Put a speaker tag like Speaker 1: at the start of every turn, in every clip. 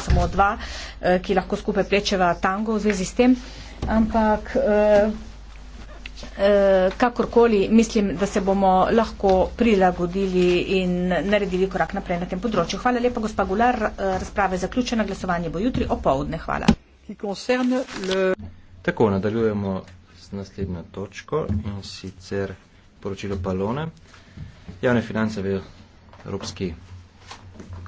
Speaker 1: samo dva, eh, ki lahko skupaj plečeva tango v zvezi s tem, ampak eh, eh, kakorkoli mislim, da se bomo lahko prilagodili in naredili korak naprej na tem področju. Hvala lepa, gospa Gular, razprave zaključena, glasovanje bo jutri o povdne. Hvala.
Speaker 2: Tako, nadaljujemo z naslednjo točko in sicer poročilo Palone. Javne finance v Evropski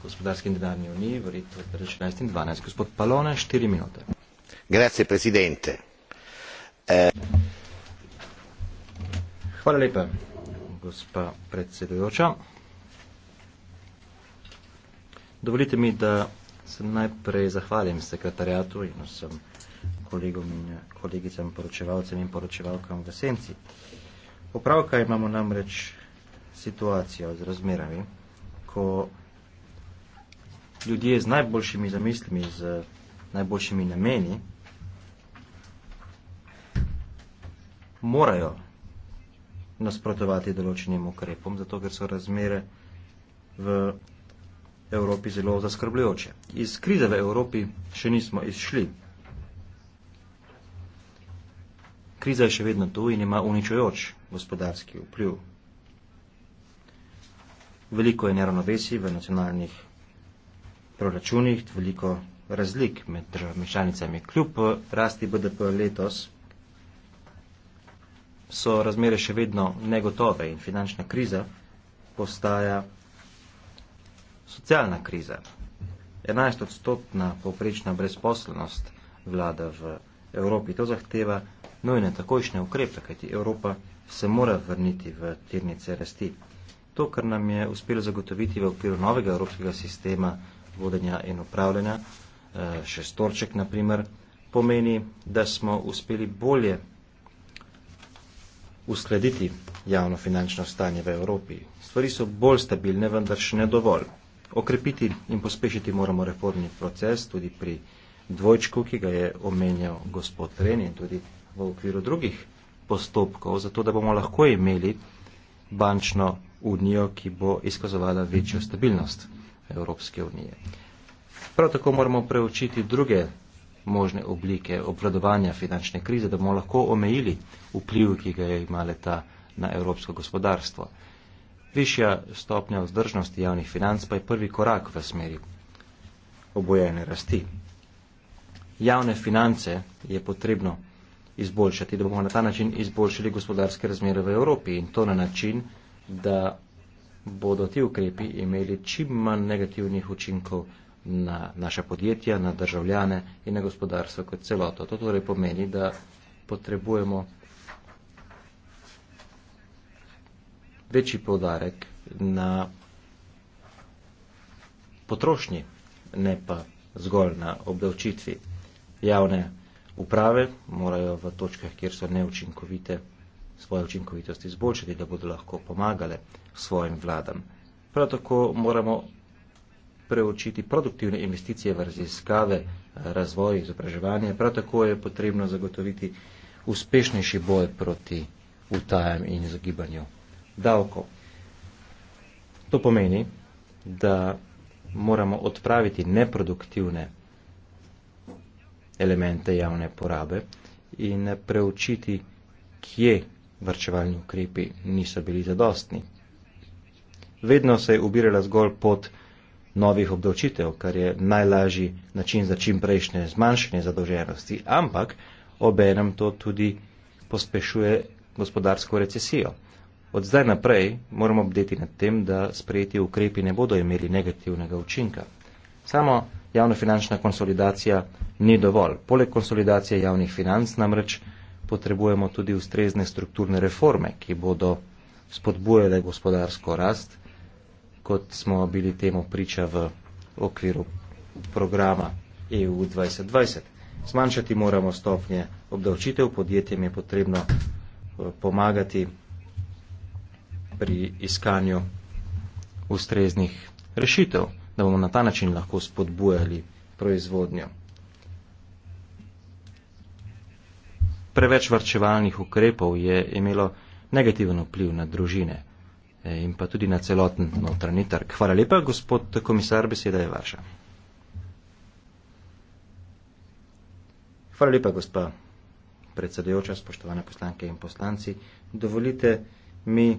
Speaker 2: gospodarski in denarni uniji, volitev 2014 in 2012. Gospod Palone, 4 minute. Grazie, presidente. Eh. Hvala lepa, gospa predsedujoča. Dovolite mi, da se najprej zahvalim sekretarjatu in vsem kolegom in kolegicam, poročevalcem in poročevalkam v Senci. Opravka imamo namreč situacijo z razmerami, ko ljudje z najboljšimi zamislimi, z najboljšimi nameni, morajo nasprotovati določenim ukrepom, zato ker so razmere v Evropi zelo zaskrbljujoče. Iz krize v Evropi še nismo izšli. Kriza je še vedno tu in ima uničujoč gospodarski vpliv. Veliko je neravnovesij v nacionalnih proračunih veliko razlik med državami članicami. Kljub rasti BDP letos so razmere še vedno negotove in finančna kriza postaja socialna kriza. 11 odstotna povprečna brezposlenost vlada v Evropi. To zahteva nujne takojšnje ukrepe, kajti Evropa se mora vrniti v tirnice rasti. To, kar nam je uspelo zagotoviti v okviru novega evropskega sistema, vodenja in upravljanja, eh, šestorček naprimer, pomeni, da smo uspeli bolje uskladiti javno finančno stanje v Evropi. Stvari so bolj stabilne, vendar še ne dovolj. Okrepiti in pospešiti moramo reformni proces tudi pri dvojčku, ki ga je omenjal gospod Ren in tudi v okviru drugih postopkov, zato da bomo lahko imeli bančno unijo, ki bo izkazovala večjo stabilnost. Evropske unije. Prav tako moramo preučiti druge možne oblike obvladovanja finančne krize, da bomo lahko omejili vpliv, ki ga je imala ta na evropsko gospodarstvo. Višja stopnja vzdržnosti javnih financ pa je prvi korak v smeri obojene rasti. Javne finance je potrebno izboljšati, da bomo na ta način izboljšali gospodarske razmere v Evropi in to na način, da bodo ti ukrepi imeli čim manj negativnih učinkov na naša podjetja, na državljane in na gospodarstvo kot celoto. To torej pomeni, da potrebujemo večji podarek na potrošnji, ne pa zgolj na obdavčitvi. Javne uprave morajo v točkah, kjer so neučinkovite, svoje učinkovitosti izboljšati, da bodo lahko pomagale svojim vladam. Prav tako moramo preučiti produktivne investicije v raziskave, razvoj, izobraževanje. Prav tako je potrebno zagotoviti uspešnejši boj proti utajam in zagibanju davkov. To pomeni, da moramo odpraviti neproduktivne elemente javne porabe in preučiti, kje vrčevalni ukrepi niso bili zadostni. Vedno se je ubirala zgolj pot novih obdavčitev, kar je najlažji način za čim prejšnje zmanjšanje zadolženosti, ampak obenem to tudi pospešuje gospodarsko recesijo. Od zdaj naprej moramo bdeti nad tem, da sprejeti ukrepi ne bodo imeli negativnega učinka. Samo javnofinančna konsolidacija ni dovolj. Poleg konsolidacije javnih financ namreč potrebujemo tudi ustrezne strukturne reforme, ki bodo spodbujale gospodarsko rast, kot smo bili temu priča v okviru programa EU 2020. Zmanjšati moramo stopnje obdavčitev, podjetjem je potrebno eh, pomagati pri iskanju ustreznih rešitev, da bomo na ta način lahko spodbujali proizvodnjo. preveč varčevalnih ukrepov je imelo negativen vpliv na družine eh, in pa tudi na celoten notranji trg. Hvala lepa, gospod komisar, beseda je vaša. Hvala lepa, gospa predsedujoča, spoštovane poslanke in poslanci. Dovolite mi,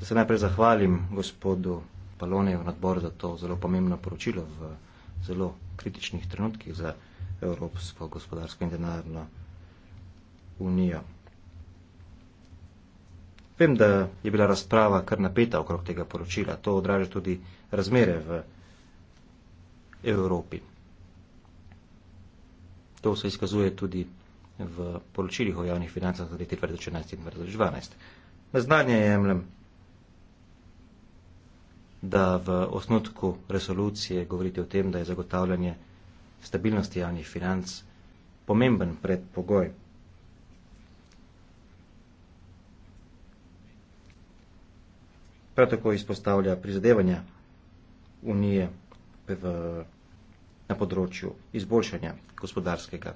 Speaker 2: da se najprej zahvalim gospodu Paloneju na odboru za to zelo pomembno poročilo v zelo kritičnih trenutkih za Evropsko gospodarsko in denarno unijo. Vem, da je bila razprava kar napeta okrog tega poročila. To odraža tudi razmere v Evropi. To se izkazuje tudi v poročilih o javnih financah za leti 2014 in 2012. Na znanje jemljem, da v osnutku resolucije govorite o tem, da je zagotavljanje stabilnosti javnih financ pomemben predpogoj. Prav tako izpostavlja prizadevanja Unije v, na področju izboljšanja gospodarskega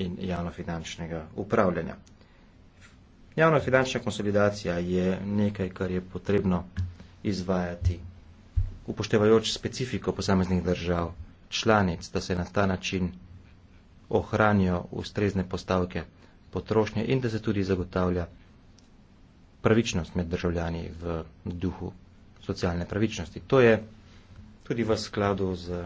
Speaker 2: in javnofinančnega upravljanja. Javnofinančna konsolidacija je nekaj, kar je potrebno izvajati upoštevajoč specifiko posameznih držav, članic, da se na ta način ohranijo ustrezne postavke potrošnje in da se tudi zagotavlja pravičnost med državljani v duhu socialne pravičnosti. To je tudi v skladu z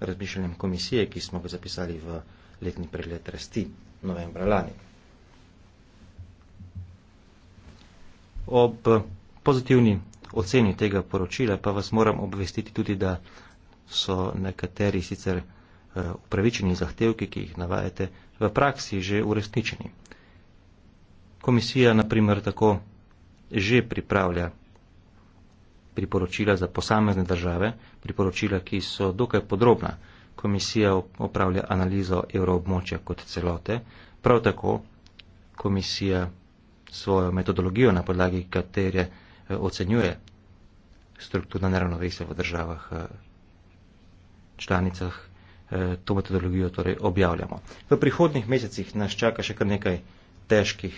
Speaker 2: razmišljanjem komisije, ki smo ga zapisali v letni pregled rasti novembra lani. Ob pozitivni oceni tega poročila, pa vas moram obvestiti tudi, da so nekateri sicer eh, upravičeni zahtevki, ki jih navajate, v praksi že uresničeni. Komisija naprimer tako že pripravlja priporočila za posamezne države, priporočila, ki so dokaj podrobna. Komisija opravlja analizo evroobmočja kot celote, prav tako komisija svojo metodologijo, na podlagi katere Eh, ocenjuje strukturna neravnovesja v državah eh, članicah, eh, to metodologijo torej objavljamo. V prihodnih mesecih nas čaka še kar nekaj težkih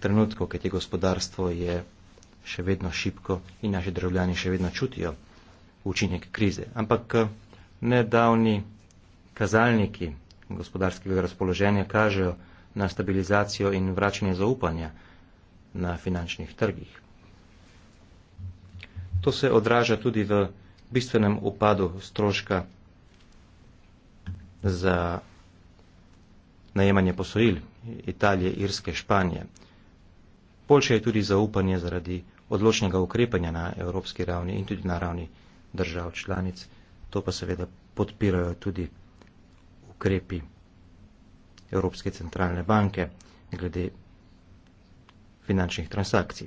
Speaker 2: trenutkov, kajti gospodarstvo je še vedno šipko in naši državljani še vedno čutijo učinek krize. Ampak nedavni kazalniki gospodarskega razpoloženja kažejo na stabilizacijo in vračanje zaupanja na finančnih trgih. To se odraža tudi v bistvenem upadu stroška za najemanje posojil Italije, Irske, Španije. Boljše je tudi zaupanje zaradi odločnega ukrepanja na evropski ravni in tudi na ravni držav članic. To pa seveda podpirajo tudi ukrepi Evropske centralne banke glede finančnih transakcij.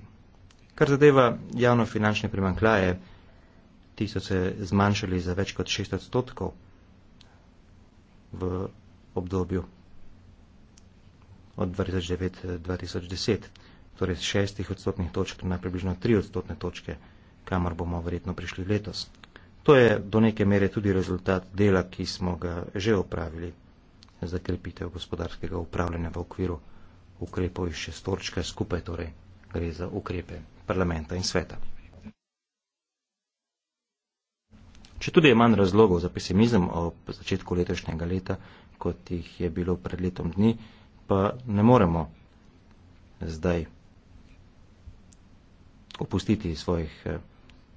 Speaker 2: Kar zadeva javnofinančne primankljaje, ti so se zmanjšali za več kot 6 odstotkov v obdobju od 2009-2010, torej z 6 odstotnih točk na približno 3 odstotne točke, kamor bomo verjetno prišli letos. To je do neke mere tudi rezultat dela, ki smo ga že opravili za krepitev gospodarskega upravljanja v okviru ukrepov iz šestorčka skupaj, torej gre za ukrepe parlamenta in sveta. Če tudi je manj razlogov za pesimizem ob začetku letošnjega leta, kot jih je bilo pred letom dni, pa ne moremo zdaj opustiti svojih eh,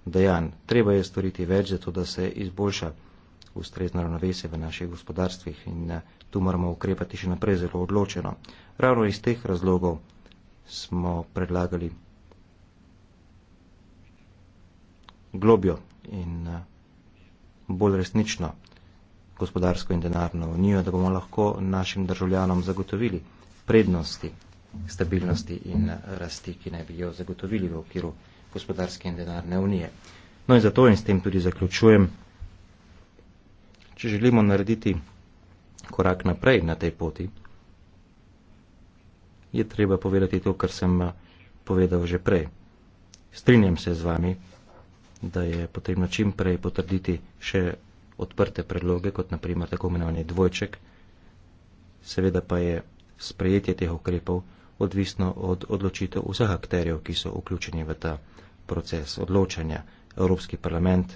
Speaker 2: dejanj. Treba je storiti več za to, da se izboljša ustrezno ravnovesje v naših gospodarstvih in eh, tu moramo ukrepati še naprej zelo odločeno. Ravno iz teh razlogov smo predlagali globjo in eh, bolj resnično gospodarsko in denarno unijo, da bomo lahko našim državljanom zagotovili prednosti, stabilnosti in eh, rasti, ki naj bi jo zagotovili v okviru gospodarske in denarne unije. No in zato in s tem tudi zaključujem, če želimo narediti korak naprej na tej poti, je treba povedati to, kar sem eh, povedal že prej. Strinjam se z vami da je potrebno čim prej potrditi še odprte predloge, kot naprimer tako imenovani dvojček. Seveda pa je sprejetje teh ukrepov odvisno od odločitev vseh akterjev, ki so vključeni v ta proces odločanja. Evropski parlament,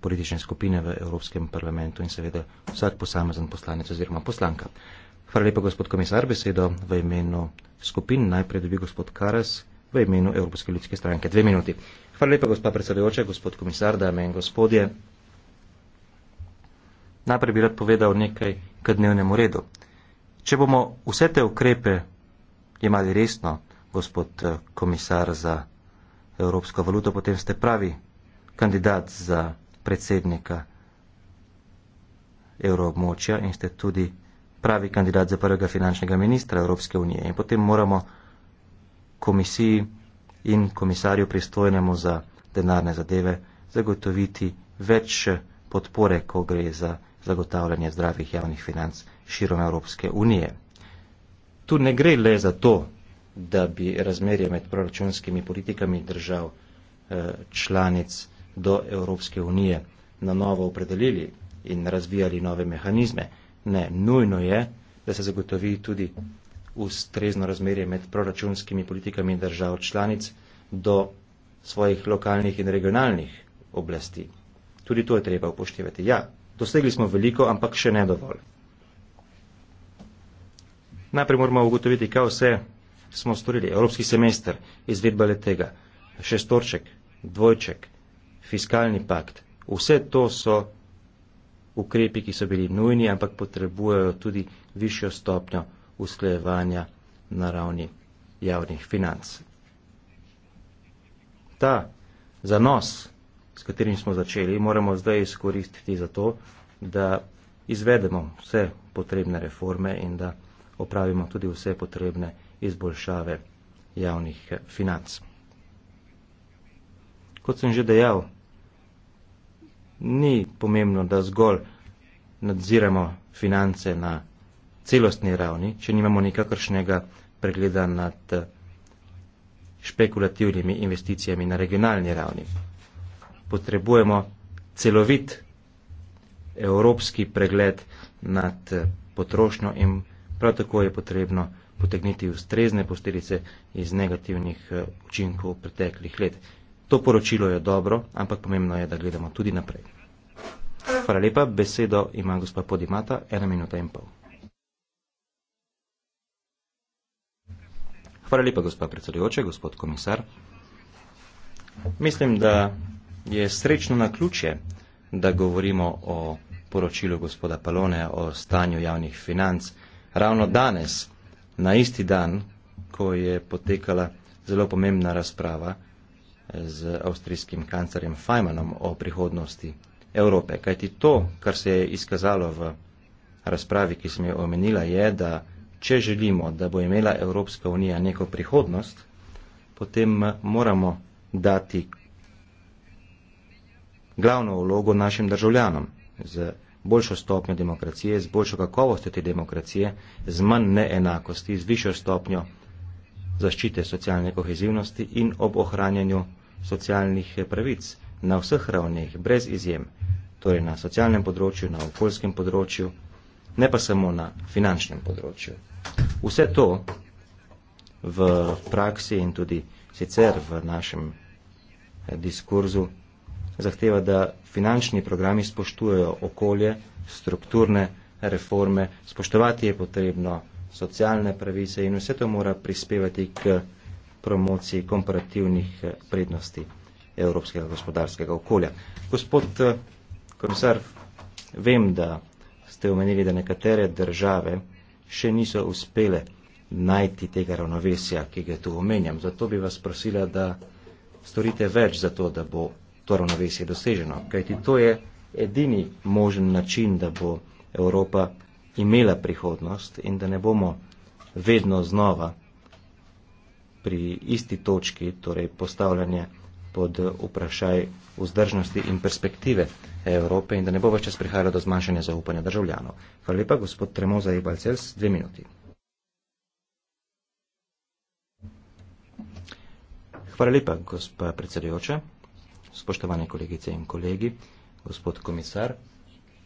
Speaker 2: politične skupine v Evropskem parlamentu in seveda vsak posamezen poslanec oziroma poslanka. Hvala lepa, gospod komisar, besedo v imenu skupin. Najprej dobi gospod Karas v imenu Evropske ljudske stranke. Dve minuti. Hvala lepa, gospa predsedujoča, gospod komisar, dame in gospodje. Najprej bi rad povedal nekaj k dnevnemu redu. Če bomo vse te ukrepe imali resno, gospod eh, komisar za evropsko valuto, potem ste pravi kandidat za predsednika evroobmočja in ste tudi pravi kandidat za prvega finančnega ministra Evropske unije. In potem moramo komisiji in komisarju pristojnemu za denarne zadeve zagotoviti več podpore, ko gre za zagotavljanje zdravih javnih financ širom Evropske unije. Tu ne gre le za to, da bi razmerje med proračunskimi politikami držav eh, članic do Evropske unije na novo opredelili in razvijali nove mehanizme. Ne, nujno je, da se zagotovi tudi ustrezno razmerje med proračunskimi politikami držav članic do svojih lokalnih in regionalnih oblasti. Tudi to je treba upoštevati. Ja, dosegli smo veliko, ampak še ne dovolj. Najprej moramo ugotoviti, kaj vse smo storili. Evropski semester, izvedba letega, šestorček, dvojček, fiskalni pakt. Vse to so ukrepi, ki so bili nujni, ampak potrebujejo tudi višjo stopnjo usklejevanja na ravni javnih financ. Ta zanos, s katerim smo začeli, moramo zdaj izkoristiti za to, da izvedemo vse potrebne reforme in da opravimo tudi vse potrebne izboljšave javnih financ. Kot sem že dejal, ni pomembno, da zgolj nadziramo finance na celostni ravni, če nimamo nikakršnega pregleda nad eh, špekulativnimi investicijami na regionalni ravni. Potrebujemo celovit evropski pregled nad eh, potrošnjo in prav tako je potrebno potegniti ustrezne posteljice iz negativnih eh, učinkov preteklih let. To poročilo je dobro, ampak pomembno je, da gledamo tudi naprej. Hvala lepa, besedo ima gospa Podimata, ena minuta in pol. Hvala lepa, gospod predsedujoče, gospod komisar. Mislim, da je srečno na ključje, da govorimo o poročilu gospoda Palone o stanju javnih financ. Ravno danes, na isti dan, ko je potekala zelo pomembna razprava z avstrijskim kancarjem Feynmanom o prihodnosti Evrope. Kajti to, kar se je izkazalo v razpravi, ki sem jo omenila, je, da če želimo, da bo imela Evropska unija neko prihodnost, potem eh, moramo dati glavno vlogo našim državljanom z boljšo stopnjo demokracije, z boljšo kakovostjo te demokracije, z manj neenakosti, z višjo stopnjo zaščite socialne kohezivnosti in ob ohranjanju socialnih eh, pravic na vseh ravneh, brez izjem, torej na socialnem področju, na okoljskem področju ne pa samo na finančnem področju. Vse to v praksi in tudi sicer v našem eh, diskurzu zahteva, da finančni programi spoštujejo okolje, strukturne reforme, spoštovati je potrebno socialne pravice in vse to mora prispevati k promociji komparativnih eh, prednosti evropskega gospodarskega okolja. Gospod eh, komisar, vem, da ste omenili, da nekatere države še niso uspele najti tega ravnovesja, ki ga tu omenjam. Zato bi vas prosila, da storite več za to, da bo to ravnovesje doseženo. Kajti to je edini možen način, da bo Evropa imela prihodnost in da ne bomo vedno znova pri isti točki, torej postavljanje pod vprašaj vzdržnosti in perspektive. Evrope in da ne bo več čas prihajalo do zmanjšanja zaupanja državljanov. Hvala lepa, gospod Tremoza i Balcels, dve minuti. Hvala lepa, gospa predsedujoča, spoštovane kolegice in kolegi, gospod komisar,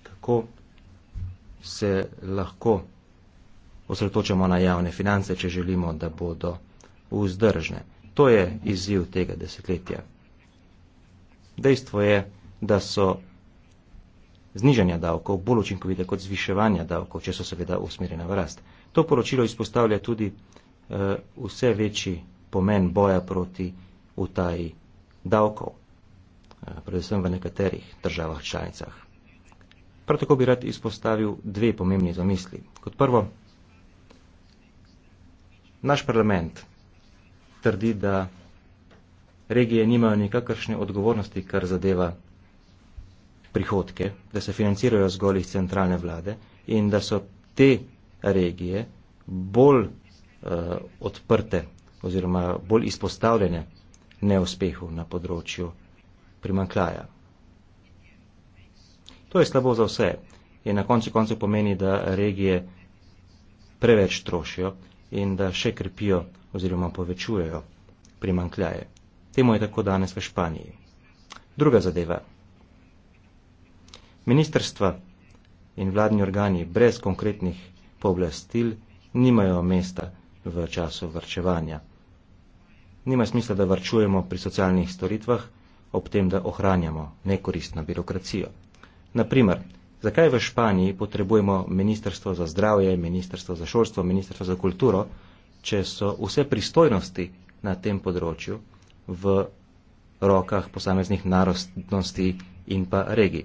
Speaker 2: kako se lahko osredotočamo na javne finance, če želimo, da bodo vzdržne. To je izziv tega desetletja. Dejstvo je, da so znižanja davkov bolj učinkovite kot zviševanja davkov, če so seveda usmerjene v rast. To poročilo izpostavlja tudi uh, vse večji pomen boja proti utaji davkov, uh, predvsem v nekaterih državah članicah. Prav tako bi rad izpostavil dve pomembni zamisli. Kot prvo, naš parlament trdi, da regije nimajo nikakršne odgovornosti, kar zadeva prihodke, da se financirajo zgolj iz centralne vlade in da so te regije bolj uh, odprte oziroma bolj izpostavljene neuspehu na področju primanklaja. To je slabo za vse in na koncu koncev pomeni, da regije preveč trošijo in da še krepijo oziroma povečujejo primankljaje. Temu je tako danes v Španiji. Druga zadeva. Ministrstva in vladni organi brez konkretnih pooblastil nimajo mesta v času vrčevanja. Nima smisla, da vrčujemo pri socialnih storitvah, ob tem, da ohranjamo nekoristno birokracijo. Naprimer, zakaj v Španiji potrebujemo Ministrstvo za zdravje, Ministrstvo za šolstvo, Ministrstvo za kulturo, če so vse pristojnosti na tem področju v rokah posameznih narostnosti in pa regij?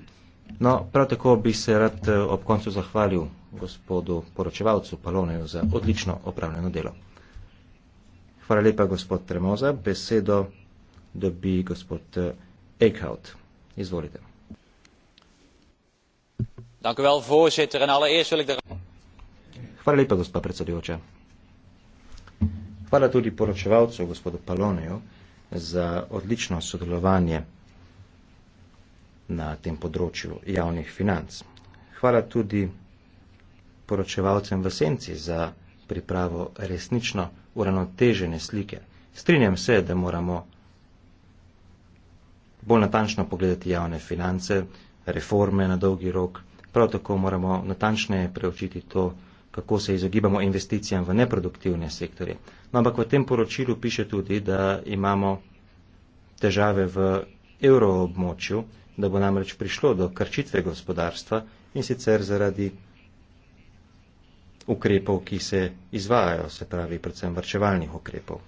Speaker 2: No, prav tako bi se rad eh, ob koncu zahvalil gospodu poročevalcu Paloneju za odlično opravljeno delo. Hvala lepa, gospod Tremoza. Besedo dobi gospod eh, Eichhout. Izvolite. Hvala lepa, gospod predsedujoča. Hvala tudi poročevalcu, gospodu Paloneju, za odlično sodelovanje na tem področju javnih financ. Hvala tudi poročevalcem v senci za pripravo resnično uravnotežene slike. Strinjam se, da moramo bolj natančno pogledati javne finance, reforme na dolgi rok, prav tako moramo natančneje preučiti to, kako se izogibamo investicijam v neproduktivne sektorje. No, ampak v tem poročilu piše tudi, da imamo težave v evroobmočju, da bo namreč prišlo do krčitve gospodarstva in sicer zaradi ukrepov, ki se izvajajo, se pravi predvsem vrčevalnih ukrepov.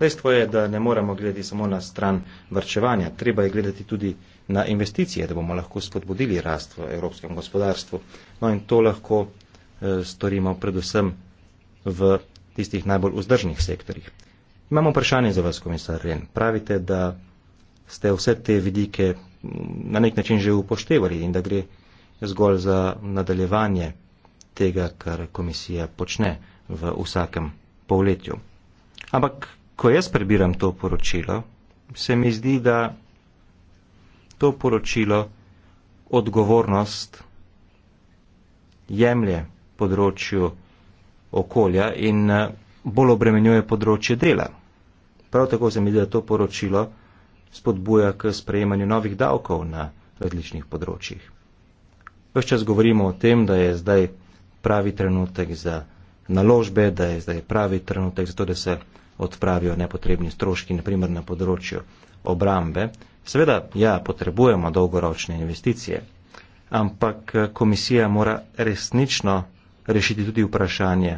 Speaker 2: Dejstvo je, da ne moramo gledati samo na stran vrčevanja, treba je gledati tudi na investicije, da bomo lahko spodbudili rast v evropskem gospodarstvu. No in to lahko e, storimo predvsem v tistih najbolj vzdržnih sektorjih. Imamo vprašanje za vas, komisar Ren. Pravite, da ste vse te vidike na nek način že upoštevali in da gre zgolj za nadaljevanje tega, kar komisija počne v vsakem polletju. Ampak, ko jaz prebiram to poročilo, se mi zdi, da to poročilo odgovornost jemlje področju okolja in eh, bolj obremenjuje področje dela. Prav tako se mi zdi, da to poročilo spodbuja k sprejemanju novih davkov na različnih področjih. Ves čas govorimo o tem, da je zdaj pravi trenutek za naložbe, da je zdaj pravi trenutek za to, da se odpravijo nepotrebni stroški, naprimer na področju obrambe. Seveda, ja, potrebujemo dolgoročne investicije, ampak komisija mora resnično rešiti tudi vprašanje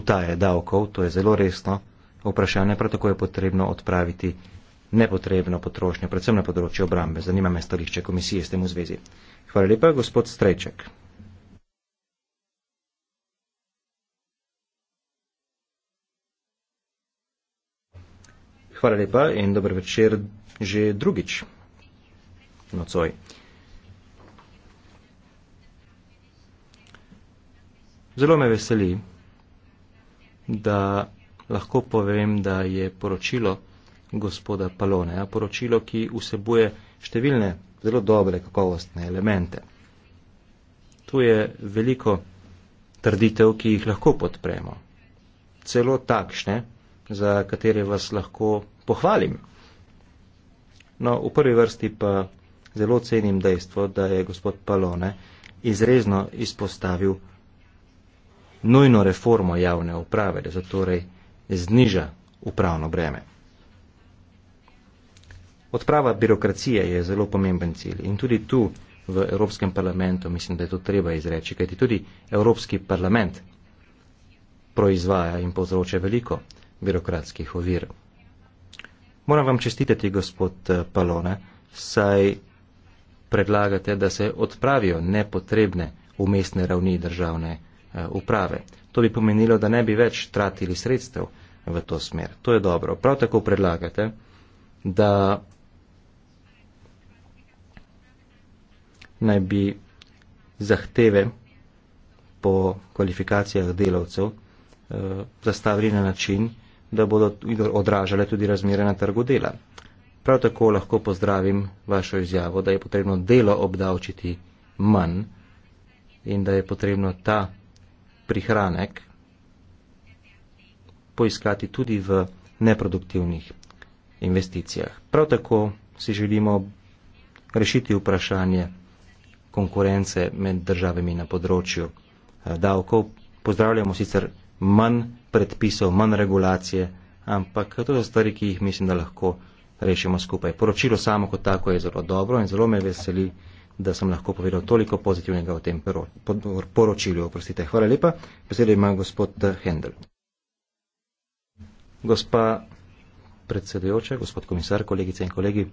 Speaker 2: utaje davkov, to je zelo resno vprašanje, prav tako je potrebno odpraviti nepotrebno potrošnjo, predvsem na področju obrambe. Zanima me stališče komisije s tem v zvezi. Hvala lepa, gospod Strejček. Hvala lepa in dober večer že drugič nocoj. Zelo me veseli, da lahko povem, da je poročilo gospoda Palone. Ja, poročilo, ki vsebuje številne zelo dobre kakovostne elemente. Tu je veliko trditev, ki jih lahko podpremo. Celo takšne, za katere vas lahko pohvalim. No, v prvi vrsti pa zelo cenim dejstvo, da je gospod Palone izrezno izpostavil nujno reformo javne uprave, da zatorej zniža upravno breme. Odprava birokracije je zelo pomemben cilj in tudi tu v Evropskem parlamentu mislim, da je to treba izreči, kajti tudi Evropski parlament proizvaja in povzroča veliko birokratskih ovir. Moram vam čestitati, gospod eh, Palone, saj predlagate, da se odpravijo nepotrebne umestne ravni državne eh, uprave. To bi pomenilo, da ne bi več tratili sredstev v to smer. To je dobro. Prav tako predlagate, da naj bi zahteve po kvalifikacijah delavcev eh, zastavili na način, da bodo odražale tudi razmere na trgu dela. Prav tako lahko pozdravim vašo izjavo, da je potrebno delo obdavčiti manj in da je potrebno ta prihranek poiskati tudi v neproduktivnih investicijah. Prav tako si želimo rešiti vprašanje konkurence med državami na področju eh, davkov. Pozdravljamo sicer manj predpisov, manj regulacije, ampak to so stvari, ki jih mislim, da lahko rešimo skupaj. Poročilo samo kot tako je zelo dobro in zelo me veseli, da sem lahko povedal toliko pozitivnega o tem poročilju. Oprostite. Hvala lepa. Besedo ima gospod Hendel. Gospa predsedujoča, gospod komisar, kolegice in kolegi,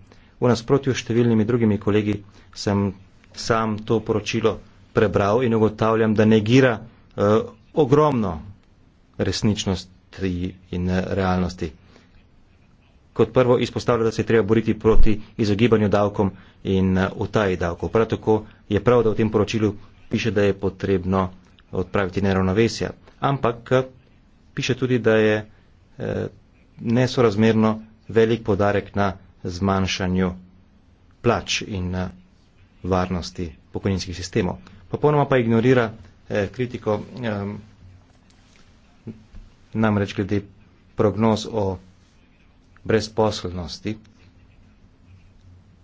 Speaker 2: v nasprotju s številnimi drugimi kolegi sem sam to poročilo prebral in ugotavljam, da negira eh, ogromno resničnosti in eh, realnosti. Kot prvo izpostavlja, da se je treba boriti proti izogibanju davkom in eh, utaji davkov. Prav tako je prav, da v tem poročilu piše, da je potrebno odpraviti neravnovesja. Ampak eh, piše tudi, da je nesorazmerno velik podarek na zmanjšanju plač in varnosti pokojninskih sistemov. Popolnoma pa ignorira eh, kritiko eh, namreč glede prognoz o brezposelnosti,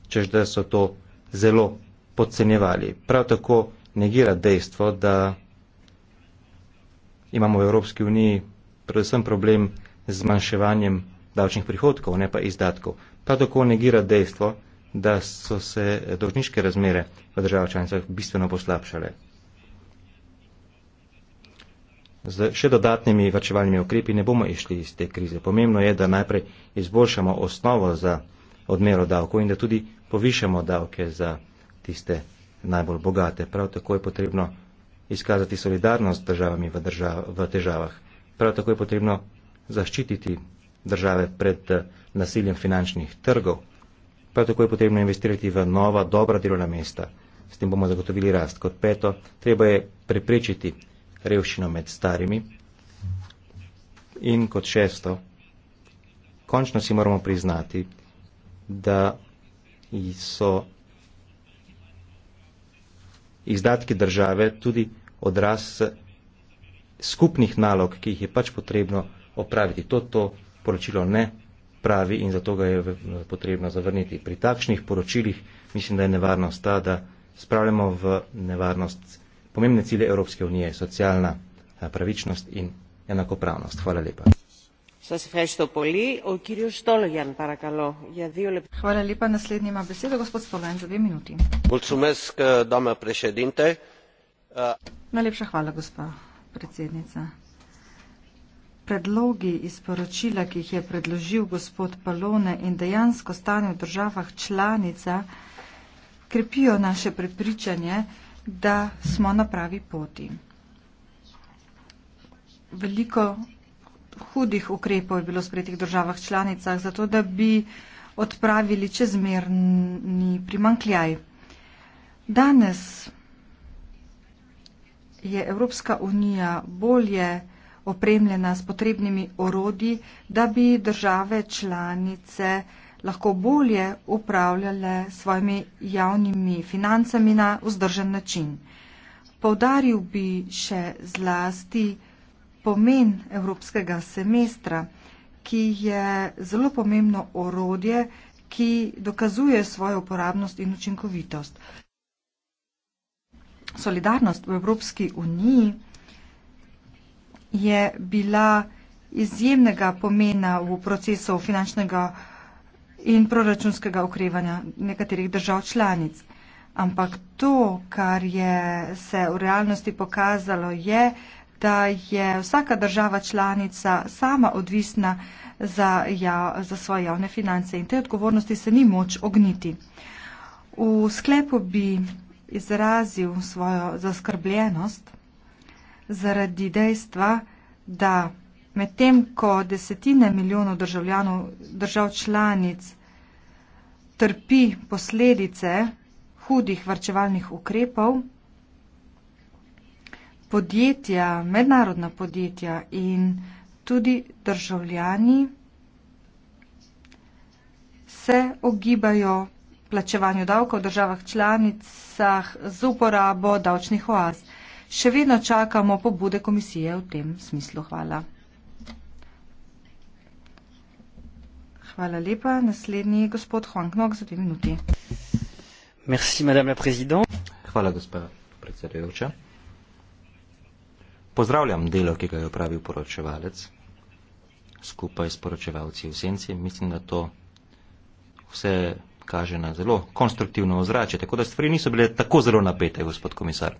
Speaker 2: čež da so to zelo podcenjevali. Prav tako negira dejstvo, da imamo v Evropski uniji predvsem problem z zmanjševanjem davčnih prihodkov, ne pa izdatkov. Prav tako negira dejstvo, da so se dolžniške razmere v državah članicah bistveno poslabšale. Z še dodatnimi vrčevalnimi ukrepi ne bomo išli iz te krize. Pomembno je, da najprej izboljšamo osnovo za odmero davkov in da tudi povišamo davke za tiste najbolj bogate. Prav tako je potrebno izkazati solidarnost državami v, držav, v težavah. Prav tako je potrebno zaščititi države pred eh, nasiljem finančnih trgov. Prav tako je potrebno investirati v nova, dobra delovna mesta. S tem bomo zagotovili rast. Kot peto, treba je preprečiti revščino med starimi. In kot šesto, končno si moramo priznati, da so izdatki države tudi odraz skupnih nalog, ki jih je pač potrebno opraviti. To to poročilo ne pravi in zato ga je potrebno zavrniti. Pri takšnih poročilih mislim, da je nevarnost ta, da spravljamo v nevarnost pomembne cilje Evropske unije, socialna eh, pravičnost in enakopravnost. Hvala lepa.
Speaker 1: Hvala lepa. Naslednji ima besedo gospod Stolen za dve minuti. Najlepša hvala, gospa predsednica predlogi iz poročila, ki jih je predložil gospod Palone in dejansko stanje v državah članica, krepijo naše prepričanje, da smo na pravi poti. Veliko hudih ukrepov je bilo spretih v državah članicah, zato da bi odpravili čezmerni primankljaj. Danes je Evropska unija bolje vsega, opremljena s potrebnimi orodji, da bi države članice lahko bolje upravljale svojimi javnimi financami na vzdržen način. Povdaril bi še zlasti pomen evropskega semestra, ki je zelo pomembno orodje, ki dokazuje svojo uporabnost in učinkovitost. Solidarnost v Evropski uniji je bila izjemnega pomena v procesu finančnega in proračunskega okrevanja nekaterih držav članic. Ampak to, kar je se v realnosti pokazalo, je, da je vsaka država članica sama odvisna za, ja, za svoje javne finance in te odgovornosti se ni moč ogniti. V sklepu bi izrazil svojo zaskrbljenost zaradi dejstva, da medtem ko desetine milijonov državljanov držav članic trpi posledice hudih varčevalnih ukrepov, podjetja, mednarodna podjetja in tudi državljani se ogibajo plačevanju davka v državah članicah z uporabo davčnih oaz še vedno čakamo pobude komisije v tem smislu. Hvala. Hvala lepa. Naslednji gospod Honknok za dve minuti.
Speaker 2: Merci, madame la président. Hvala, gospa predsedujoča. Pozdravljam delo, ki ga je opravil poročevalec skupaj s poročevalci v senci. Mislim, da to vse kaže na zelo konstruktivno ozračje, tako da stvari niso bile tako zelo napete, gospod komisar.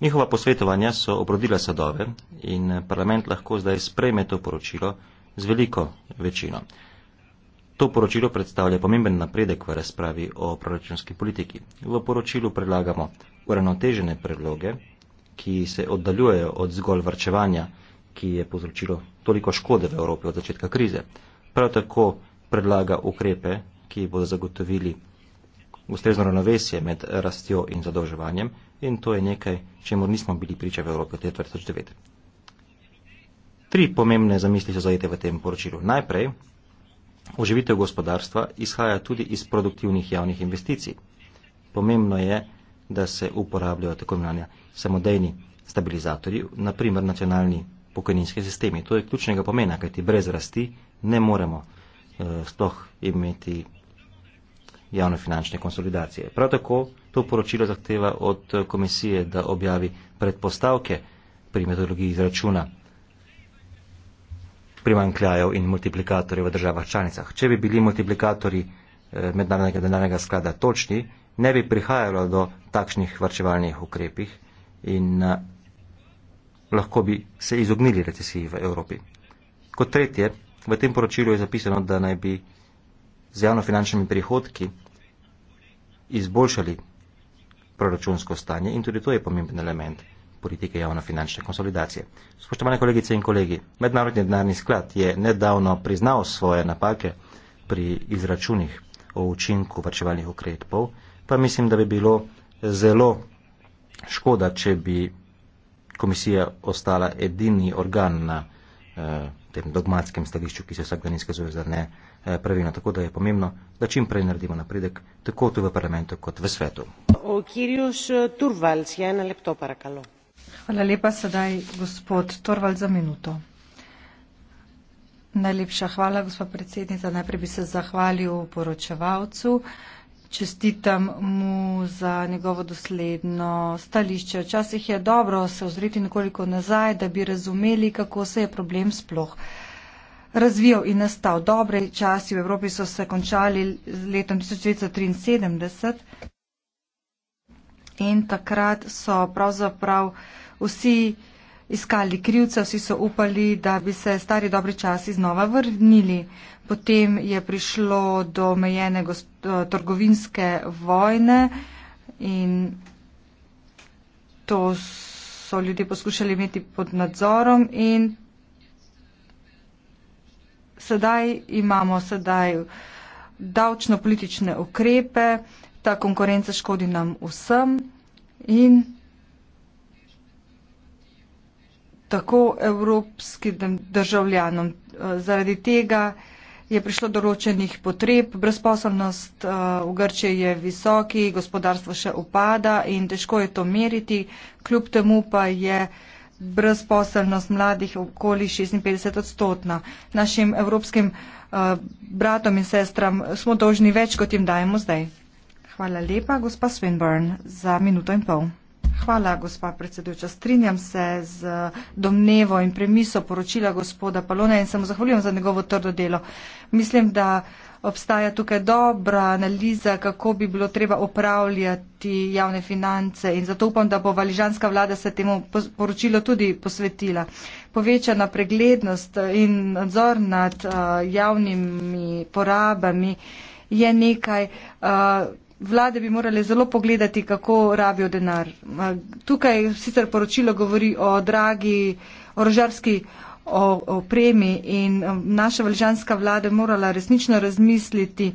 Speaker 2: Njihova posvetovanja so obrodila sadove in parlament lahko zdaj sprejme to poročilo z veliko večino. To poročilo predstavlja pomemben napredek v razpravi o proračunski politiki. V poročilu predlagamo uravnotežene predloge, ki se oddaljujejo od zgolj vrčevanja, ki je povzročilo toliko škode v Evropi od začetka krize. Prav tako predlaga ukrepe, ki bodo zagotovili ustrezno ravnovesje med rastjo in zadolževanjem, in to je nekaj, čemu nismo bili priča v Evropi od leta 2009. Tri pomembne zamisli so zajete v tem poročilu. Najprej, oživitev gospodarstva izhaja tudi iz produktivnih javnih investicij. Pomembno je, da se uporabljajo tako imenovani samodejni stabilizatorji, naprimer nacionalni pokojninski sistemi. To je ključnega pomena, kajti brez rasti ne moremo eh, sploh imeti javnofinančne konsolidacije. Prav tako to poročilo zahteva od eh, komisije, da objavi predpostavke pri metodologiji izračuna primankljajev in multiplikatorjev v državah članicah. Če bi bili multiplikatori eh, mednarodnega denarnega sklada točni, ne bi prihajalo do takšnih varčevalnih ukrepih in eh, lahko bi se izognili recesiji v Evropi. Kot tretje, v tem poročilu je zapisano, da naj bi z javnofinančnimi prihodki izboljšali proračunsko stanje in tudi to je pomemben element politike javno-finančne konsolidacije. Spoštovane kolegice in kolegi, Mednarodni denarni sklad je nedavno priznal svoje napake pri izračunih o učinku vrčevalnih ukrepov, pa mislim, da bi bilo zelo škoda, če bi komisija ostala edini organ na eh, tem dogmatskem stališču, ki se vsak dan izkazuje za ne eh, pravilno. Tako da je pomembno, da čim prej naredimo napredek, tako tu v parlamentu kot v svetu.
Speaker 1: Eh, ja, hvala lepa sedaj, gospod Torvald, za minuto. Najlepša hvala, gospod predsednica. Najprej bi se zahvalil poročevalcu čestitam mu za njegovo dosledno stališče. Včasih je dobro se ozreti nekoliko nazaj, da bi razumeli, kako se je problem sploh razvijal in nastal. Dobre časi v Evropi so se končali z letom 1973 in takrat so pravzaprav vsi iskali krivca, vsi so upali, da bi se stari dobri časi znova vrnili. Potem je prišlo do omejene trgovinske vojne in to so ljudje poskušali imeti pod nadzorom in sedaj imamo sedaj davčno-politične ukrepe, ta konkurenca škodi nam vsem in tako evropskim državljanom. Eh, zaradi tega je prišlo do določenih potreb, brezposobnost eh, v Grčiji je visoki, gospodarstvo še upada in težko je to meriti, kljub temu pa je brezposobnost mladih okoli 56 odstotna. Našim evropskim eh, bratom in sestram smo dolžni več, kot jim dajemo zdaj. Hvala lepa, gospa Swinburne, za minuto in pol. Hvala, gospa predsedujoča. Strinjam se z domnevo in premiso poročila gospoda Palone in se mu zahvaljujem za njegovo trdo delo. Mislim, da obstaja tukaj dobra analiza, kako bi bilo treba upravljati javne finance in zato upam, da bo valižanska vlada se temu poročilo tudi posvetila. Povečana preglednost in nadzor nad eh, javnimi porabami je nekaj. Uh, vlade bi morale zelo pogledati, kako rabijo denar. Tukaj sicer poročilo govori o dragi orožarski opremi in um, naša valižanska vlada morala resnično razmisliti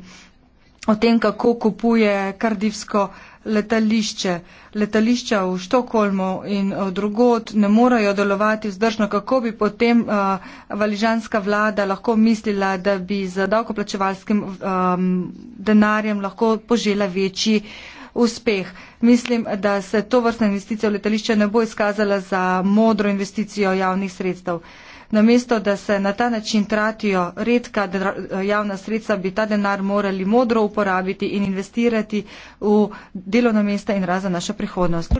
Speaker 1: o tem, kako kupuje kardivsko letališče, letališča v Štokholmu in eh, drugod ne morejo delovati vzdržno, kako bi potem uh, valižanska vlada lahko mislila, da bi z davkoplačevalskim um, denarjem lahko požela večji uspeh. Mislim, da se to vrstna investicija v letališče ne bo izkazala za modro investicijo javnih sredstev. Uh, namesto da se na ta način tratijo redka javna sredstva, bi ta denar morali modro uporabiti in investirati v delovna mesta in razen naša prihodnost.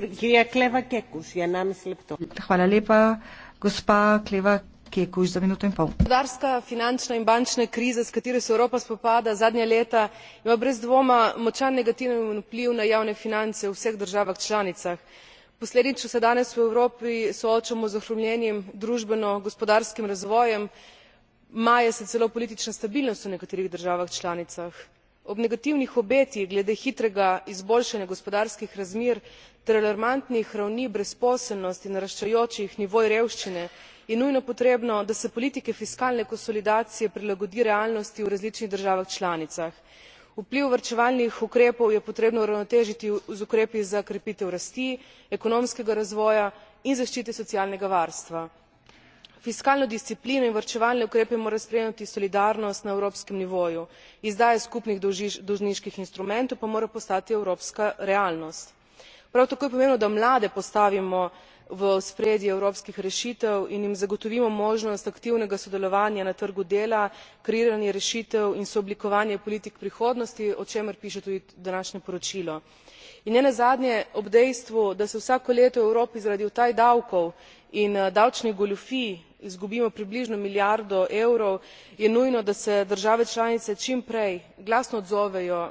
Speaker 1: Hvala lepa, gospa Kleva Kekuš, za minuto in pol.
Speaker 3: Gospodarska, finančna in bančna kriza, s katero se Evropa spopada zadnja leta, ima brez dvoma močan negativen vpliv na javne finance v vseh državah članicah posledično se danes v evropi soočamo z ohromljenim družbeno gospodarskim razvojem maje se celo politična stabilnost v nekaterih državah članicah. ob negativnih obetih glede hitrega izboljšanja gospodarskih razmer ter alarmantnih ravni brezposelnosti naraščajočih nivojev revščine je nujno potrebno da se politike fiskalne konsolidacije prilagodi realnosti v različnih državah članicah vpliv varčevalnih ukrepov je potrebno uravnotežiti z ukrepi za krepitev rasti ekonomskega razvoja in zaščite socialnega varstva. fiskalno disciplino in varčevalne ukrepe mora spremljati solidarnost na evropskem nivoju izdaja skupnih dolžniških instrumentov pa mora postati evropska realnost. prav tako je pomembno da mlade postavimo v ospredje evropskih rešitev in jim zagotovimo možnost aktivnega sodelovanja na trgu dela kreiranje rešitev in sooblikovanje politik prihodnosti o čemer piše tudi današnje poročilo. in nenazadnje ob dejstvu da se vsako leto v evropi zaradi utaj davkov in eh, davčnih goljufij izgubimo približno milijardo evrov je nujno da se države članice čim prej glasno odzovejo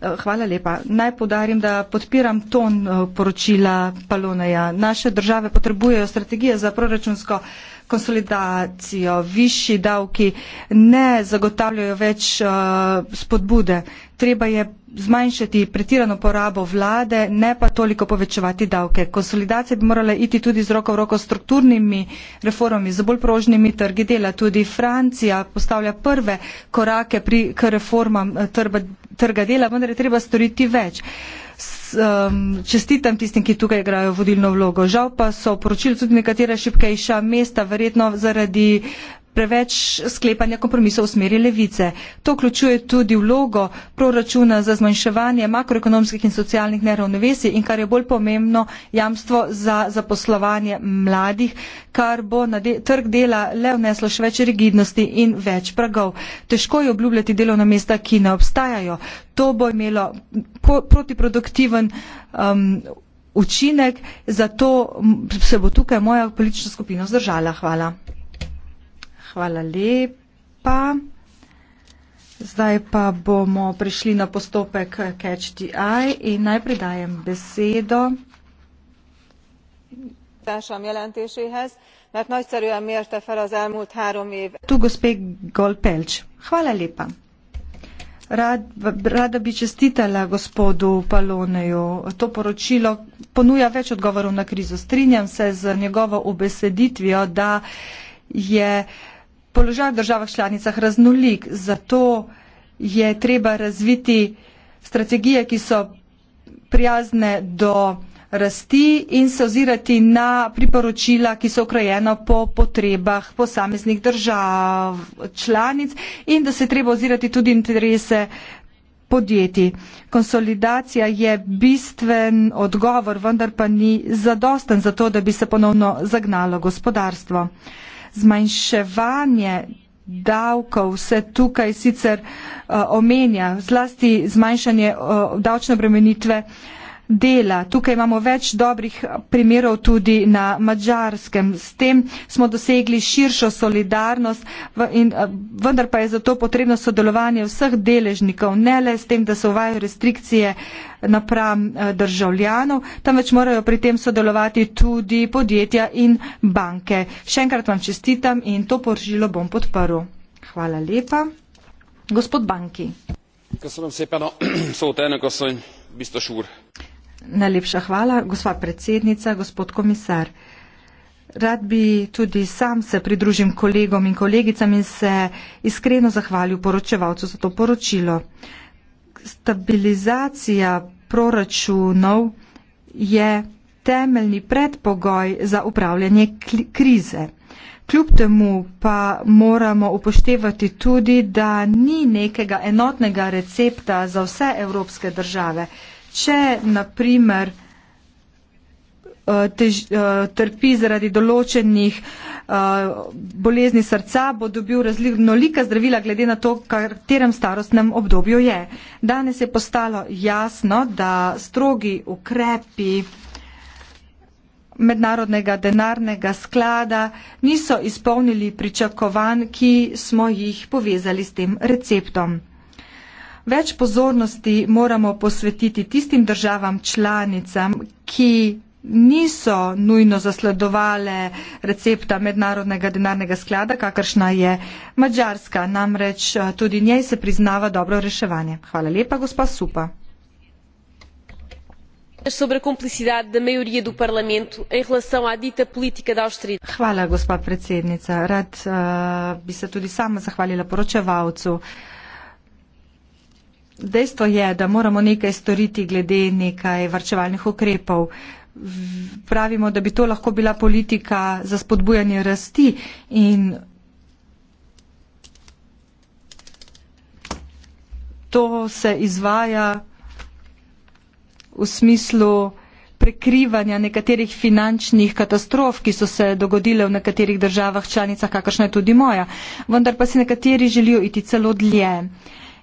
Speaker 1: Eh, hvala lepa. Naj podarim, da podpiram ton eh, poročila Paloneja. Naše države potrebujejo strategije za proračunsko konsolidacijo. Višji davki ne zagotavljajo več eh, spodbude. Treba je zmanjšati pretirano porabo vlade, ne pa toliko povečevati davke. Konsolidacija bi morala iti tudi z roko v roko s strukturnimi reformami, z bolj prožnimi trgi dela. Tudi Francija postavlja prve korake pri, k reformam eh, trga, trga dela, vendar je treba storiti več. Ehm, čestitam tistim, ki tukaj igrajo vodilno vlogo. Žal pa so poročili tudi nekatera šipkejša mesta, verjetno zaradi preveč sklepanja kompromisov v smeri levice. To vključuje tudi vlogo proračuna za zmanjševanje makroekonomskih in socialnih neravnovesij in, kar je bolj pomembno, jamstvo za zaposlovanje mladih, kar bo na de trg dela le vneslo še več rigidnosti in več pragov. Težko je obljubljati delovna mesta, ki ne obstajajo. To bo imelo protiproduktiven. Um, učinek, zato se bo tukaj moja politična skupina vzdržala. Hvala. Hvala lepa. Zdaj pa bomo prišli na postopek Catch the Eye in najprej dajem besedo. Tu gospe Golpelč. Hvala lepa. Rad, rada bi čestitala gospodu Paloneju. To poročilo ponuja več odgovorov na krizo. Strinjam se z njegovo obeseditvijo, da je položaj v državah članicah raznolik, zato je treba razviti strategije, ki so prijazne do rasti in se ozirati na priporočila, ki so okrajena po potrebah posameznih držav članic in da se treba ozirati tudi interese podjetij. Konsolidacija je bistven odgovor, vendar pa ni zadosten za to, da bi se ponovno zagnalo gospodarstvo zmanjševanje davkov se tukaj sicer uh, omenja, zlasti zmanjšanje uh, davčne obremenitve uh, dela. Tukaj imamo več dobrih primerov tudi na mačarskem. S tem smo dosegli širšo solidarnost, in, eh, vendar pa je zato potrebno sodelovanje vseh deležnikov, ne le s tem, da se uvajajo restrikcije napram eh, državljanov, temveč morajo pri tem sodelovati tudi podjetja in banke. Še enkrat vam čestitam in to poržilo bom podprl. Hvala lepa. Gospod Banki. Najlepša hvala, gospa predsednica, gospod komisar. Rad bi tudi sam se pridružim kolegom in kolegicam in se iskreno zahvalil poročevalcu za to poročilo. Stabilizacija proračunov je temeljni predpogoj za upravljanje krize. Kljub temu pa moramo upoštevati tudi, da ni nekega enotnega recepta za vse evropske države če naprimer eh, tež, eh, trpi zaradi določenih eh, bolezni srca, bo dobil raznolika zdravila glede na to, katerem starostnem obdobju je. Danes je postalo jasno, da strogi ukrepi mednarodnega denarnega sklada niso izpolnili pričakovanj, ki smo jih povezali s tem receptom. Več pozornosti moramo posvetiti tistim državam članicam, ki niso nujno zasledovale recepta mednarodnega denarnega sklada, kakršna je Mačarska. Namreč eh, tudi njej se priznava dobro reševanje. Hvala lepa, gospa Supa. Hvala, gospa predsednica. Rad uh, bi se tudi sama zahvalila poročevalcu dejstvo je, da moramo nekaj storiti glede nekaj varčevalnih ukrepov. Pravimo, da bi to lahko bila politika za spodbujanje rasti in to se izvaja v smislu prekrivanja nekaterih finančnih katastrof, ki so se dogodile v nekaterih državah članicah, kakršna je tudi moja. Vendar pa si nekateri želijo iti celo dlje.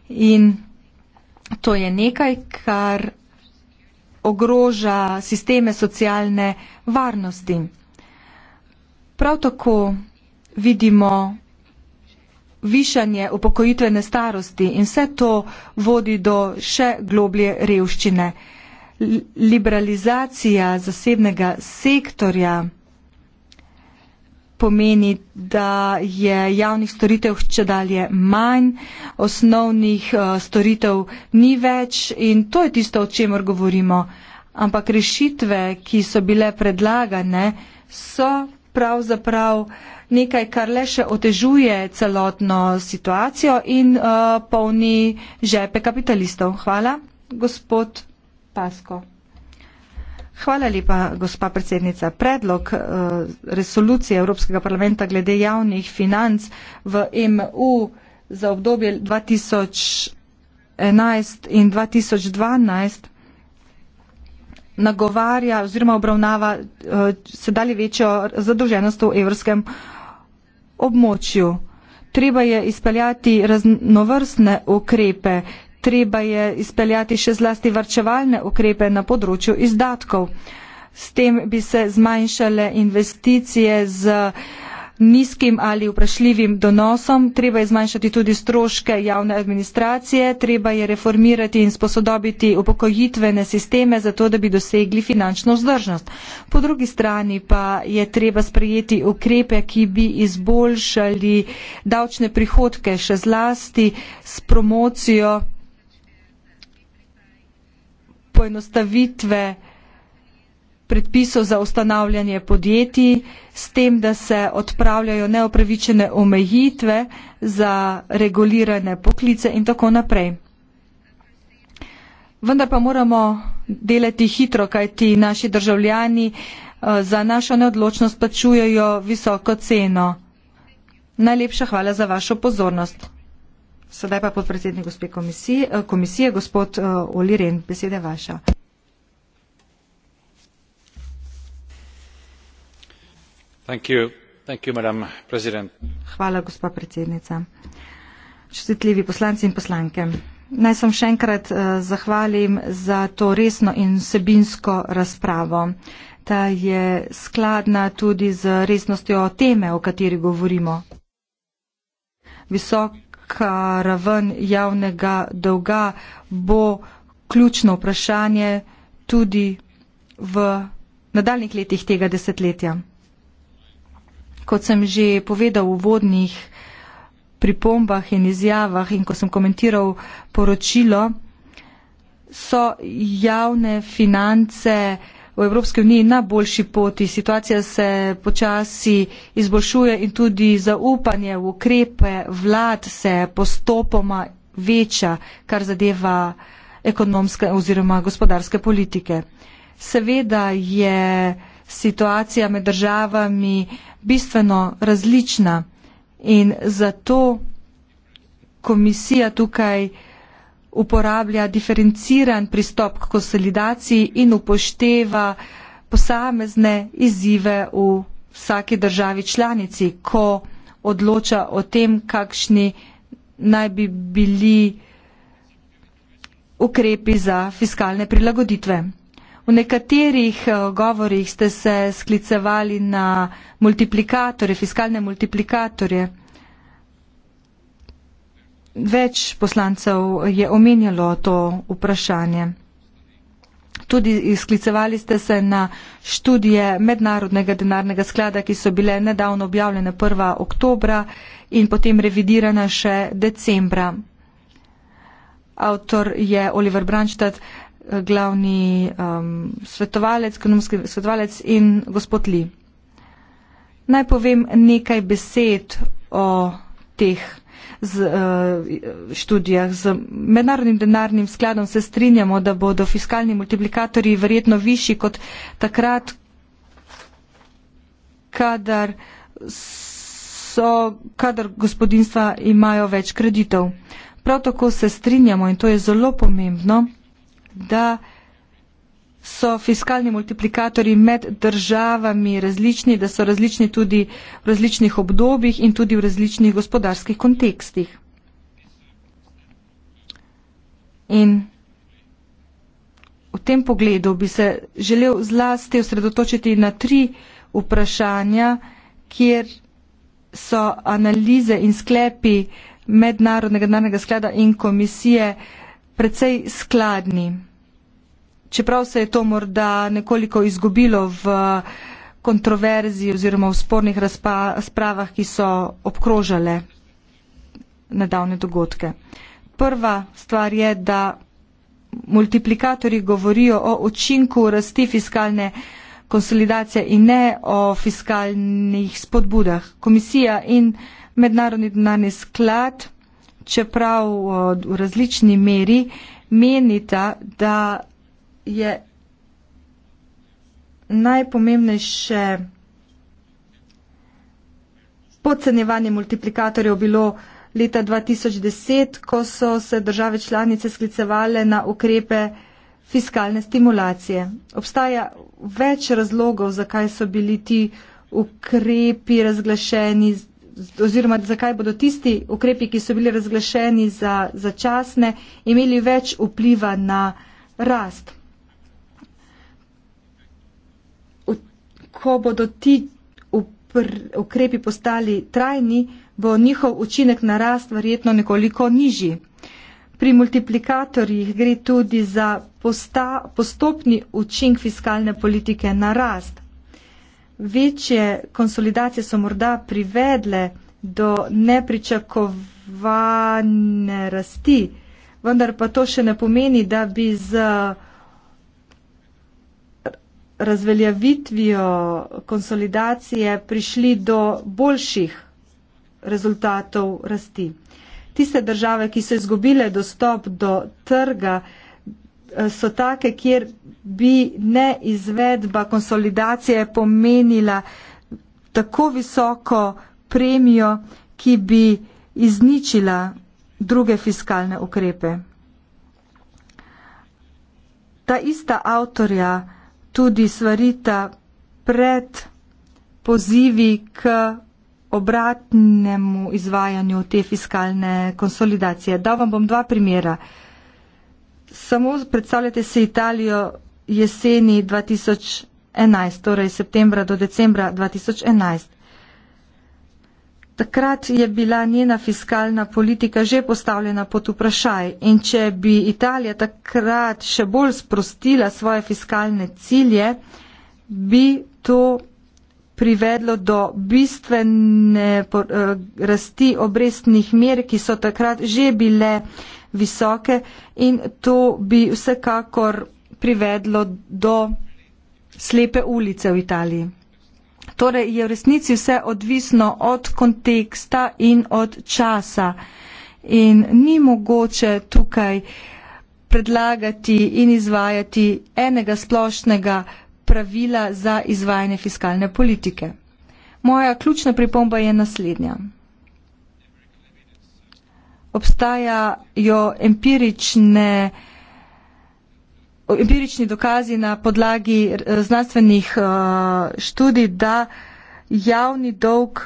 Speaker 1: In to je nekaj, kar ogroža sisteme socialne varnosti. Prav tako vidimo višanje upokojitvene starosti in vse to vodi do še globlje revščine. Liberalizacija zasebnega sektorja pomeni, da je javnih storitev če dalje manj, osnovnih eh, storitev ni več in to je tisto, o čemer govorimo. Ampak rešitve, ki so bile predlagane, so pravzaprav nekaj, kar le še otežuje celotno situacijo in uh, polni žepe kapitalistov. Hvala, gospod Pasko. Hvala lepa, gospa predsednica. Predlog eh, resolucije Evropskega parlamenta glede javnih financ v EMU za obdobje 2011 in 2012 nagovarja oziroma obravnava eh, sedaj večjo zadolženost v evropskem območju. Treba je izpeljati raznovrstne ukrepe, Treba je izpeljati še zlasti varčevalne ukrepe na področju izdatkov. S tem bi se zmanjšale investicije z nizkim ali vprašljivim donosom, treba je zmanjšati tudi stroške javne administracije, treba je reformirati in sposodobiti upokojitvene sisteme, zato da bi dosegli finančno vzdržnost. Po drugi strani pa je treba sprejeti ukrepe, ki bi izboljšali davčne prihodke, še zlasti s promocijo poenostavitve predpisov za ustanavljanje podjetij, s tem, da se odpravljajo neopravičene omejitve za regulirane poklice in tako naprej. Vendar pa moramo delati hitro, kajti naši državljani eh, za našo neodločnost plačujejo visoko ceno. Najlepša hvala za vašo pozornost. Sedaj pa podpredsednik gospe komisije, eh, komisije gospod uh, eh, Oliren, beseda vaša.
Speaker 4: Thank you. Thank you,
Speaker 1: Hvala, gospa predsednica. Čestitljivi poslanci in poslanke. Naj sem še enkrat uh, zahvalim za to resno in sebinsko razpravo. Ta je skladna tudi z resnostjo teme, o kateri govorimo. Visok visoka raven javnega dolga bo ključno vprašanje tudi v nadaljnih letih tega desetletja. Kot sem že povedal v vodnih pripombah in izjavah in ko sem komentiral poročilo, so javne finance v Evropski uniji na boljši poti. Situacija se počasi izboljšuje in tudi zaupanje v ukrepe vlad se postopoma veča, kar zadeva ekonomske oziroma gospodarske politike. Seveda je situacija med državami bistveno različna in zato komisija tukaj uporablja diferenciran pristop k konsolidaciji in upošteva posamezne izzive v vsaki državi članici, ko odloča o tem, kakšni naj bi bili ukrepi za fiskalne prilagoditve. V nekaterih eh, govorih ste se sklicevali na multiplikatorje, fiskalne multiplikatorje več poslancev je omenjalo to vprašanje. Tudi sklicevali ste se na študije mednarodnega denarnega sklada, ki so bile nedavno objavljene 1. oktobra in potem revidirane še decembra. Avtor je Oliver Branštad, glavni um, svetovalec, ekonomski svetovalec in gospod Li. Naj povem nekaj besed o teh z, uh, študijah. Z mednarodnim denarnim skladom se strinjamo, da bodo fiskalni multiplikatorji verjetno višji kot takrat, kadar, so, kadar gospodinstva imajo več kreditov. Prav tako se strinjamo, in to je zelo pomembno, da so fiskalni multiplikatori med državami različni, da so različni tudi v različnih obdobjih in tudi v različnih gospodarskih kontekstih. In v tem pogledu bi se želel zlasti osredotočiti na tri vprašanja, kjer so analize in sklepi mednarodnega denarnega sklada in komisije precej skladni čeprav se je to morda nekoliko izgubilo v kontroverziji oziroma v spornih razpravah, ki so obkrožale nedavne dogodke. Prva stvar je, da multiplikatori govorijo o učinku rasti fiskalne konsolidacije in ne o fiskalnih spodbudah. Komisija in Mednarodni denarni sklad, čeprav v različni meri, menita, da je najpomembnejše podcenjevanje multiplikatorjev bilo leta 2010, ko so se države članice sklicevale na ukrepe fiskalne stimulacije. Obstaja več razlogov, zakaj so bili ti ukrepi razglašeni oziroma zakaj bodo tisti ukrepi, ki so bili razglašeni za začasne, imeli več vpliva na rast. ko bodo ti upr, ukrepi postali trajni, bo njihov učinek na rast verjetno nekoliko nižji. Pri multiplikatorjih gre tudi za posta, postopni učink fiskalne politike na rast. Večje konsolidacije so morda privedle do nepričakovane rasti, vendar pa to še ne pomeni, da bi z razveljavitvijo konsolidacije prišli do boljših rezultatov rasti. Tiste države, ki so izgubile dostop do trga, so take, kjer bi neizvedba konsolidacije pomenila tako visoko premijo, ki bi izničila druge fiskalne ukrepe. Ta ista avtorja uh, tudi svarita pred pozivi k obratnemu izvajanju te fiskalne konsolidacije. Dal vam bom dva primera. Samo predstavljate si Italijo jeseni 2011, torej septembra do decembra 2011. Takrat je bila njena fiskalna politika že postavljena pod vprašaj in če bi Italija takrat še bolj sprostila svoje fiskalne cilje, bi to privedlo do bistvene eh, rasti obrestnih mer, ki so takrat že bile visoke in to bi vsekakor privedlo do slepe ulice v Italiji. Torej je v resnici vse odvisno od konteksta in od časa. In ni mogoče tukaj predlagati in izvajati enega splošnega pravila za izvajanje fiskalne politike. Moja ključna pripomba je naslednja. Obstajajo empirične empirični dokazi na podlagi eh, znanstvenih eh, študij, da javni dolg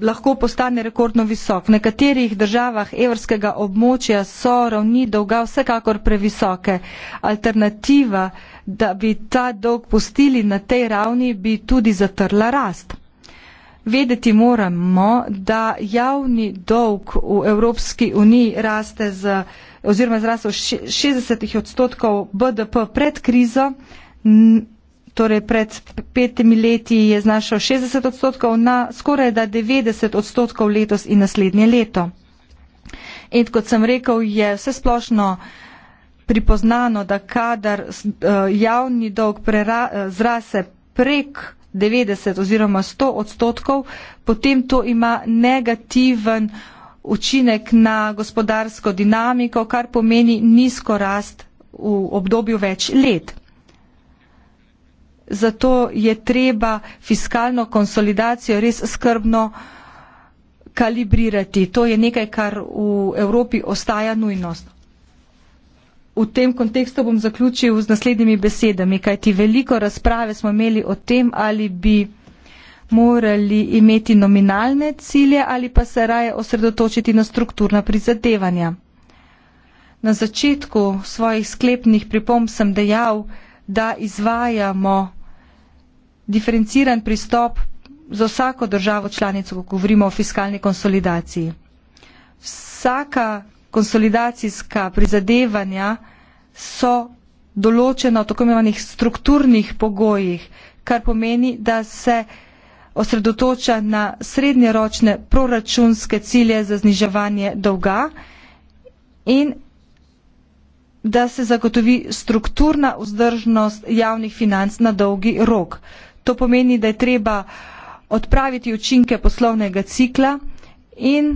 Speaker 1: lahko postane rekordno visok. V nekaterih državah evrskega območja so ravni dolga vsekakor previsoke. Alternativa, da bi ta dolg pustili na tej ravni, bi tudi zatrla rast. Vedeti moramo, da javni dolg v Evropski uniji raste z, oziroma zrasel 60 odstotkov BDP pred krizo, torej pred petimi leti je znašal 60 odstotkov na skoraj da 90 odstotkov letos in naslednje leto. In kot sem rekel, je vse splošno pripoznano, da kadar eh, javni dolg prera, eh, zrase prek 90 oziroma 100 odstotkov, potem to ima negativen učinek na gospodarsko dinamiko, kar pomeni nizko rast v obdobju več let. Zato je treba fiskalno konsolidacijo res skrbno kalibrirati. To je nekaj, kar v Evropi ostaja nujnost v tem kontekstu bom zaključil z naslednjimi besedami, kajti veliko razprave smo imeli o tem, ali bi morali imeti nominalne cilje ali pa se raje osredotočiti na strukturna prizadevanja. Na začetku svojih sklepnih pripomb sem dejal, da izvajamo diferenciran pristop za vsako državo članico, ko govorimo o fiskalni konsolidaciji. Vsaka konsolidacijska prizadevanja so določena v tako imenovanih strukturnih pogojih, kar pomeni, da se osredotoča na srednjeročne proračunske cilje za zniževanje dolga in da se zagotovi strukturna vzdržnost javnih financ na dolgi rok. To pomeni, da je treba odpraviti učinke poslovnega cikla in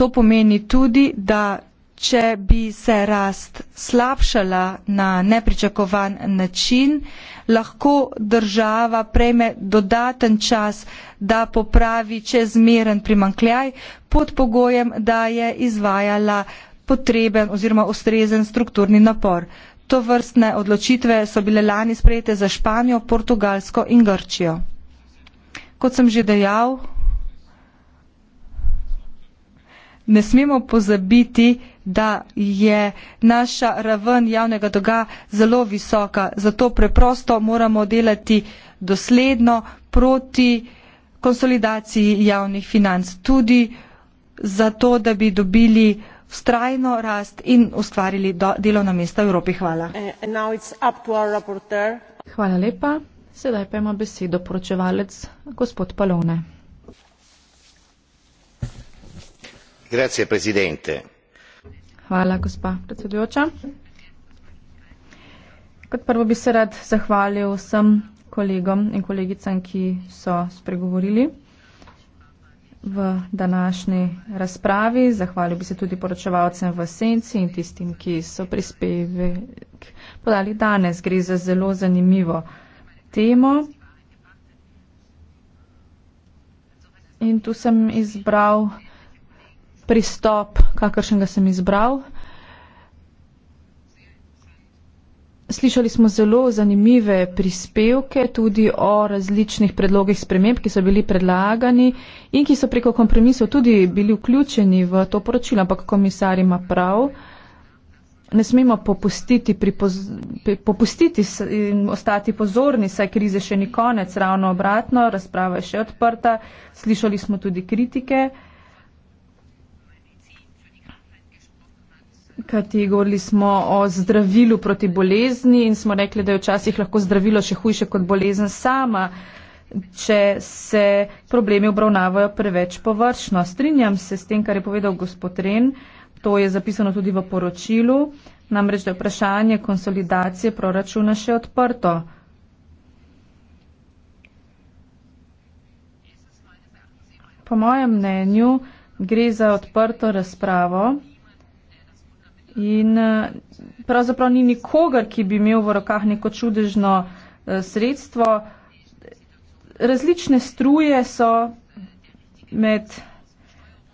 Speaker 1: To pomeni tudi, da če bi se rast slabšala na nepričakovan način, lahko država prejme dodaten čas, da popravi čezmeren primankljaj pod pogojem, da je izvajala potreben oziroma ustrezen strukturni napor. To vrstne odločitve so bile lani sprejete za Španijo, Portugalsko in Grčijo. Kot sem že dejal, ne smemo pozabiti, da je naša raven javnega doga zelo visoka. Zato preprosto moramo delati dosledno proti konsolidaciji javnih financ. Tudi zato, da bi dobili vztrajno rast in ustvarili delovna
Speaker 4: mesta v Evropi. Hvala. Eh, Hvala lepa. Sedaj pa ima besedo poročevalec gospod Palone. Kot prvo bi se rad zahvalil vsem kolegom in kolegicam, ki so spregovorili v današnji razpravi. Zahvalil bi se tudi poročevalcem v senci in tistim, ki so prispevek podali danes. Gre za zelo zanimivo temo. In tu sem izbral pristop, kakršen ga sem izbral. Slišali smo zelo zanimive prispevke tudi o različnih predlogih sprememb, ki so bili predlagani in ki so preko kompromisov tudi bili vključeni v to poročilo, ampak komisar ima prav. Ne smemo popustiti, poz, pri, popustiti in ostati pozorni, saj krize še ni konec, ravno obratno, razprava je še odprta. Slišali smo tudi kritike. Kajti govorili smo o zdravilu proti bolezni in smo rekli, da je včasih lahko zdravilo še hujše kot bolezen sama, če se problemi obravnavajo preveč površno. Strinjam se s tem, kar je povedal gospod Ren, to je zapisano tudi v poročilu, namreč da je vprašanje konsolidacije proračuna še odprto. Po mojem mnenju gre za odprto razpravo. In eh, pravzaprav ni nikogar, ki bi imel v rokah neko čudežno eh, sredstvo. Različne struje so med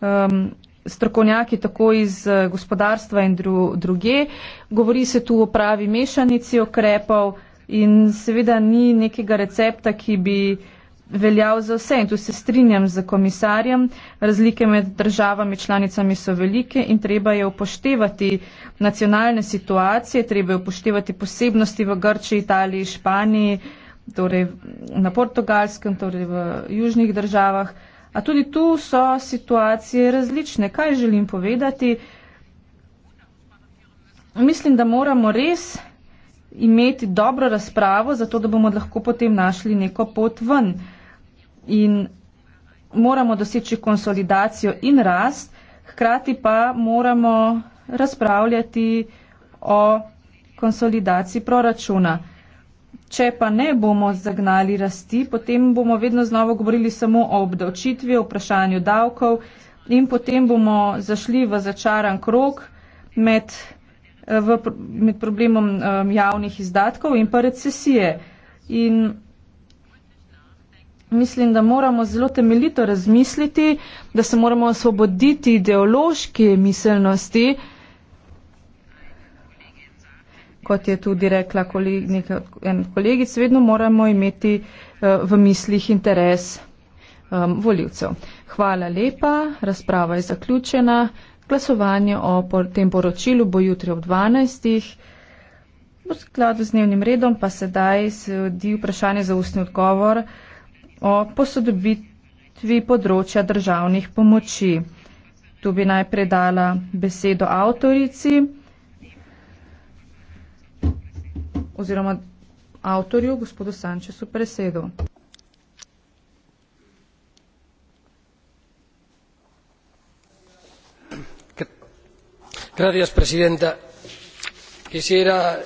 Speaker 4: um, strokovnjaki tako iz eh, gospodarstva in dru, druge. Govori se tu o pravi mešanici okrepov in seveda ni nekega recepta, ki bi uh, veljal za vse in tu se strinjam z komisarjem. Razlike med državami članicami so velike in treba je upoštevati nacionalne situacije, treba je upoštevati posebnosti v Grčiji, Italiji, Španiji, torej na portugalskem, torej v južnih državah. A tudi tu so situacije različne. Kaj želim povedati? Mislim, da moramo res imeti dobro razpravo, zato da bomo lahko potem našli neko pot ven. Uh, in moramo doseči konsolidacijo in rast, hkrati pa moramo razpravljati o konsolidaciji proračuna. Če pa ne bomo zagnali rasti, potem bomo vedno znova govorili samo o obdavčitvi, o vprašanju davkov in potem bomo zašli v začaran krok med, eh, v, med problemom eh, javnih izdatkov in pa recesije. In mislim, da moramo zelo temeljito razmisliti, da se moramo osvoboditi ideološke miselnosti, kot je tudi rekla koleg, nek, en kolegic, vedno moramo imeti uh, v mislih interes um, eh, voljivcev. Hvala lepa, razprava je zaključena. Glasovanje o tem poročilu bo jutri ob 12. V skladu z dnevnim redom pa sedaj sedi vprašanje za ustni odgovor o posodobitvi področja državnih pomoči. Tu bi najprej dala besedo avtorici oziroma avtorju, gospodu Sančesu Presedu.
Speaker 3: Gracias, Presidenta.
Speaker 1: Quisiera.